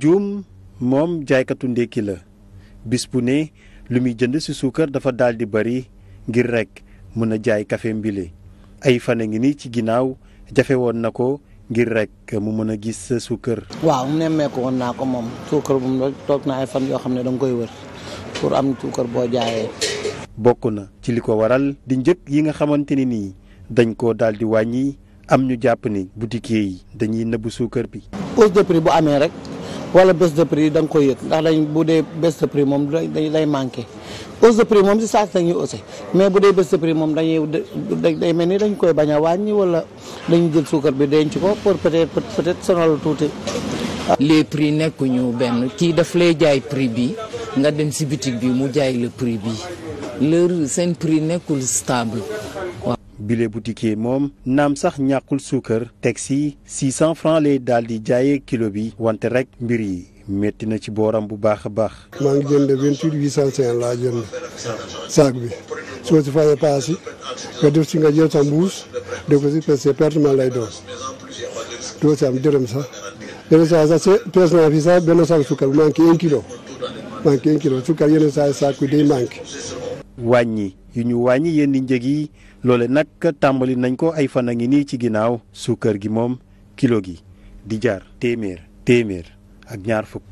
Dioum moom jaaykatu ndékki la bis bu ne lu muy jënd ci suukar dafa daal di bari ngir rekk mën a jaay kafe mbile ay fan a ngi nii ci ginnaaw jafe woon na ko ngir rekk mu mën a gis suukar. waaw nemmeeku woon naa ko moom suukar bu mu toog na ay fan yoo xam ne danga koy wër pour am suukar boo jaayee. bokk na ci li ko waral di njëg yi nga xamante ni nii dañ koo daal di wàññi am ñu jàpp ni boutique yi dañuy nëbbu suukar bi. hausse de prix bu amee rekk. wala baisse de prix da nga koy yëg ndax dañ bu dee baisse de prix moom day day manqué hausse de prix moom si saa si dañuy haussé mais bu dee baisse de prix moom dañuy day mel ni dañ koy bañ a wàññi wala dañuy jël suukar bi denc ko pour peut-être peut-être sonal tuuti. les prix nekkuñu benn kii daf lay jaay prix bi nga dem si bitig bi mu jaay le prix bi leur seen prix nekkul stable. bile boutique moom naam sax ñàkkul suukar teg si 600 francs lay daal di jaayee kilo bi wante rek mbir yi metti na ci booram bu baax a baax. maa ngi jënd 28 805 laa jënd saak bi su ma si fayee paas yi nga def si nga jël sa mbuus def ko si parce que lay doon doo si am dërëm sax yenn saa sax sax benn saak suukar bu manqué un kilo manqué un kilo suukar yenn saak bi day manqué. wàññi yu ñu wàññi yenn njëg yi loole nag tàmbali nañ ko ay fan a ngi nii ci ginnaaw suukar gi moom kilo gi di jaar téeméer téeméer ak ñaar fukk